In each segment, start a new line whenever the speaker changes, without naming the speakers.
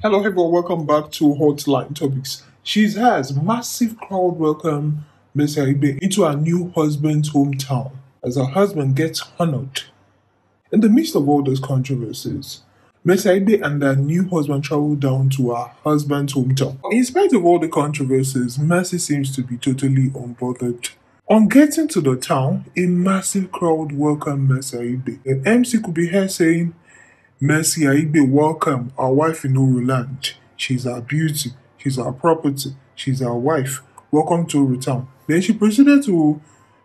Hello, everyone. Welcome back to Hotline Topics. She has massive crowd welcome Ms. into her new husband's hometown as her husband gets honored. In the midst of all those controversies, Ms. and her new husband travel down to her husband's hometown. In spite of all the controversies, Mercy seems to be totally unbothered. On getting to the town, a massive crowd welcomed Mercy. The MC could be heard saying, Mercy Aigbe welcome. our wife in Uruland. She's our beauty, she's our property, she's our wife. Welcome to Urutown. Then she proceeded to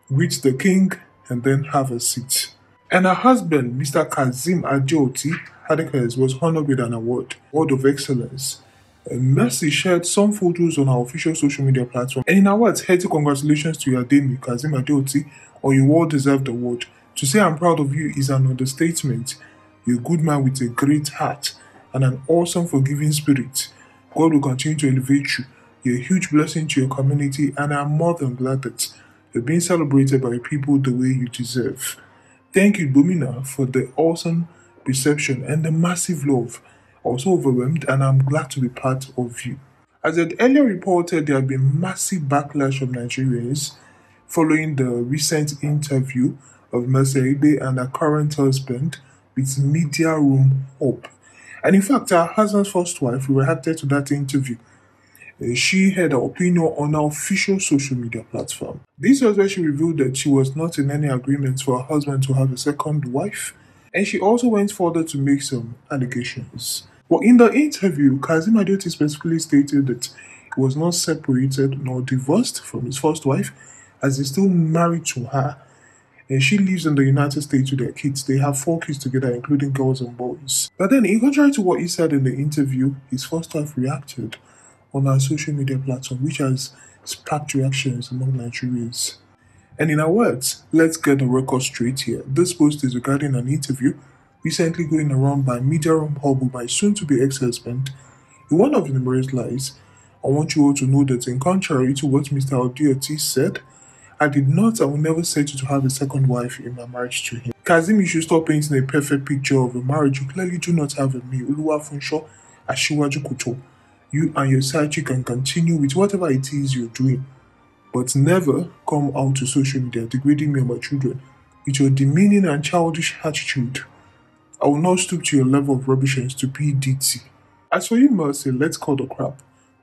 greet the king and then have a seat. And her husband, Mr. Kazim Ajoti Hadekes, was honored with an award, Award of Excellence. And uh, Mercy shared some photos on her official social media platform. And in her words, hearty congratulations to your Mr. Kazim Ajoti on your well deserved award. To say I'm proud of you is an understatement a good man with a great heart and an awesome forgiving spirit. God will continue to elevate you. You're a huge blessing to your community, and I'm more than glad that you're being celebrated by people the way you deserve. Thank you, Bumina, for the awesome reception and the massive love. I was so overwhelmed, and I'm glad to be part of you. As I earlier reported, there have been massive backlash from Nigerians following the recent interview of Mercedes and her current husband, with media room up. And in fact, her husband's first wife reacted to that interview. Uh, she had an opinion on our official social media platform. This was where she revealed that she was not in any agreement for her husband to have a second wife, and she also went further to make some allegations. But in the interview, Kazim Adeoti specifically stated that he was not separated nor divorced from his first wife, as he's still married to her and she lives in the United States with their kids. They have four kids together, including girls and boys. But then, in contrary to what he said in the interview, his first wife reacted on our social media platform, which has sparked reactions among Nigerians. And in our words, let's get the record straight here. This post is regarding an interview recently going around by media room Hobu, by soon to be ex husband. In one of the numerous lies, I want you all to know that, in contrary to what Mr. Odioti said, I did not I will never settle to have a second wife in my marriage to him. Kazim, you should stop painting a perfect picture of a marriage you clearly do not have a me. Oluwafunsho Ashiwaju Kuto. You and your side chick can continue with whatever it is you're doing, but never come out to social media degrading me and my children with your demeaning and childish attitude. I will not stoop to your level of rubbish and stupidity. As for you, Mercy, let's call the crap.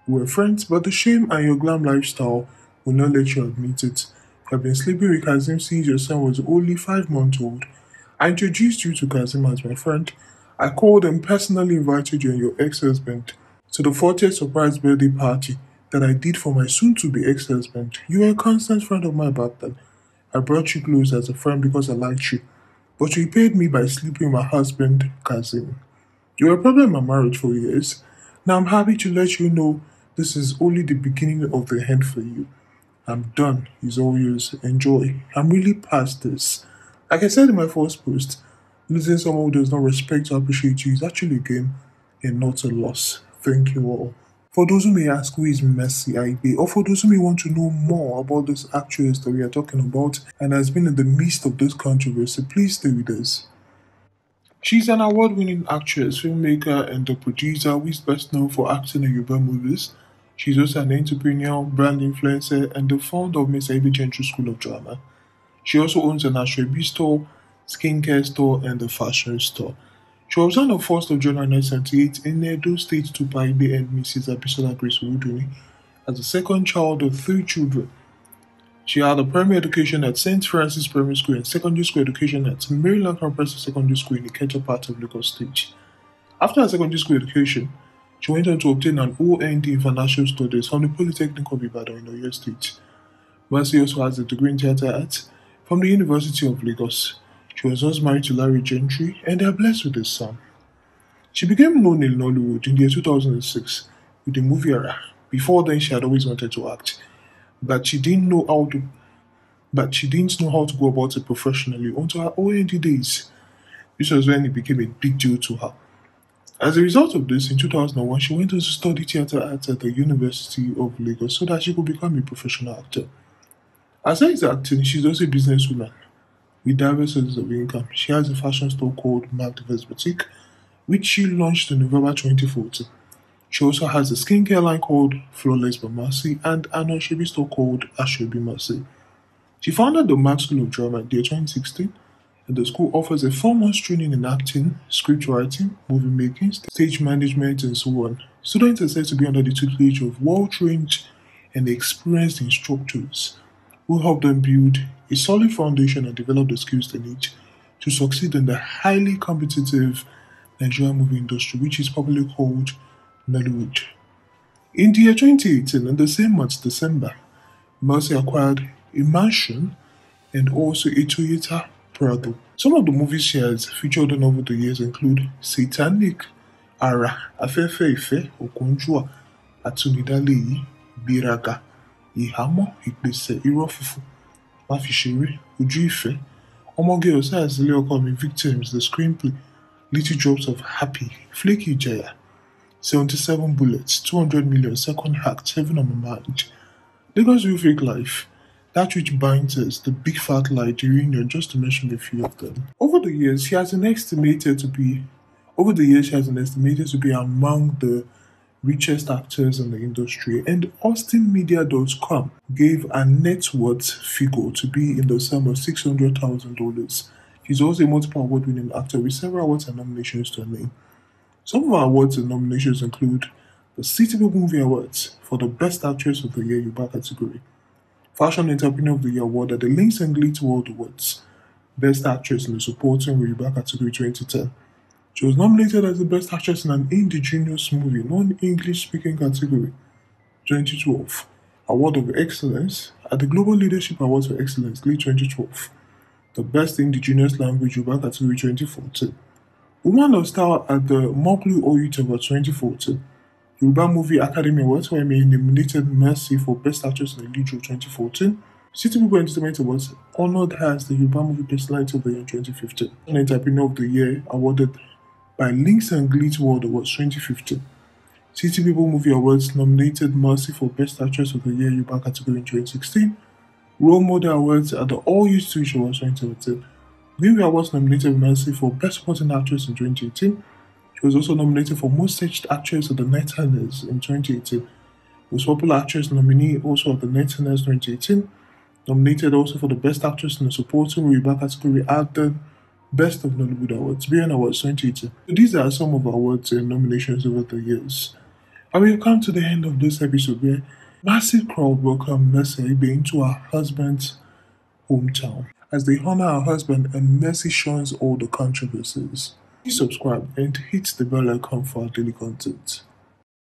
We are friends, but the shame and your glam lifestyle will not let you admit it have been sleeping with Kazim since your son was only five months old. I introduced you to Kazim as my friend. I called and personally invited you and your ex husband to the 40th surprise birthday party that I did for my soon to be ex husband. You were a constant friend of mine back then. I brought you close as a friend because I liked you, but you paid me by sleeping with my husband, Kazim. You were probably in my marriage for years. Now I'm happy to let you know this is only the beginning of the end for you. I'm done. It's all yours. Enjoy. I'm really past this. Like I said in my first post, losing someone who does not respect or appreciate you is actually a game and not a loss. Thank you all. For those who may ask who is Messi IB, or for those who may want to know more about this actress that we are talking about and has been in the midst of this controversy, please stay with us. She's an award winning actress, filmmaker, and a producer who is best known for acting in Yoruba movies She's also an entrepreneur, brand influencer, and the founder of Ivy Gentry School of Drama. She also owns an Ashwebi store, skincare store, and a fashion store. She was born on 1st of July 1978 in Edo State to Paibe and Mrs. Abisola Grace Wuduni as the second child of three children. She had a primary education at St. Francis Primary School and secondary school education at Maryland Comprehensive Secondary School in the Ketchup part of Lagos State. After her secondary school education, she went on to obtain an OND in Financial Studies from the Polytechnic of Ibadan in Oyo State. Mercy also has a degree in Theatre Arts from the University of Lagos. She was once married to Larry Gentry and they are blessed with a son. She became known in Nollywood in the year 2006 with the movie era. Before then, she had always wanted to act, but she didn't know how to. But she didn't know how to go about it professionally until her OND days. This was when it became a big deal to her. As a result of this, in 2001, she went on to study theatre arts at the University of Lagos so that she could become a professional actor. Aside acting, she's also a businesswoman with diverse sources of income. She has a fashion store called Mark Diverse Boutique, which she launched in November 2014. She also has a skincare line called Flawless by Mercy and an Oshobi store called Ashobi Mercy. She founded the Mark School of Drama in 2016 and the school offers a four-month training in acting, script writing, movie making, stage management, and so on. Students are said to be under the tutelage of well-trained and experienced instructors who help them build a solid foundation and develop the skills they need to succeed in the highly competitive Nigerian movie industry, which is popularly called Nollywood. In the year 2018, in the same month, December, Mercy acquired a mansion and also a Toyota Prado. Some of the movies she has featured in over the years include Satanic, Ara, Afẹ́fẹ́ Ìfẹ́, Okonjúà, Àtúndálẹ́yìí, Biraga, Ìhámọ́, Ìpèsè, Irọ́ Funfun, Má fi ṣeré, Ìfẹ́, Ọmọge Ọ̀sá Àsílẹ̀ Ọkọ Victims, The Screenplay, Little Drops of Happy, Flaky Jaya, 77 Bullets, 200 Million, Second Act, Heaven on My Mind, Lagos Real Fake Life, that which binds us, the big fat lie, the just to mention a few of them. Over the years, he has an estimated to be over the years he has an estimated to be among the richest actors in the industry, and AustinMedia.com gave a net worth figure to be in the sum of six hundred thousand dollars. He's also a multiple award winning actor with several awards and nominations to name. Some of our awards and nominations include the City Movie Awards for the Best Actress of the Year Yuba category, Fashion Entrepreneur of the Year award at the Links and Glitz World Awards, Best Actress in the Supporting Yoruba category 2010. She was nominated as the Best Actress in an Indigenous Movie, non-English speaking category 2012. Award of Excellence at the Global Leadership Awards for Excellence, Glitz 2012. The Best Indigenous Language Yoruba category 2014. Woman of Style at the Moklu Oyutaba 2014. Yoruba Movie Academy Awards, where nominated Mercy for Best Actress in Lead Role 2014. City People Entertainment Awards honored her as the Yoruba Movie Light of the Year 2015 and Entrepreneur of the Year awarded by Links and Glitz World Awards 2015. City People Movie Awards nominated Mercy for Best Actress of the Year Yoruba category in 2016. Role Model Awards at the All Youth Switch Awards 2017. Movie Awards nominated Mercy for Best Supporting Actress in 2018. She was also nominated for Most Searched Actress of the Netherlands in 2018. Most Popular Actress nominee also of the Netherlands 2018. Nominated also for the Best Actress in a Supporting Role category at the Best of Nollywood Awards, BN Awards 2018. So these are some of our awards and nominations over the years. And we have come to the end of this episode where massive crowd welcome Mercy Igbe to her husband's hometown as they honor her husband and Mercy shuns all the controversies. Please subscribe and hit the bell icon for daily content.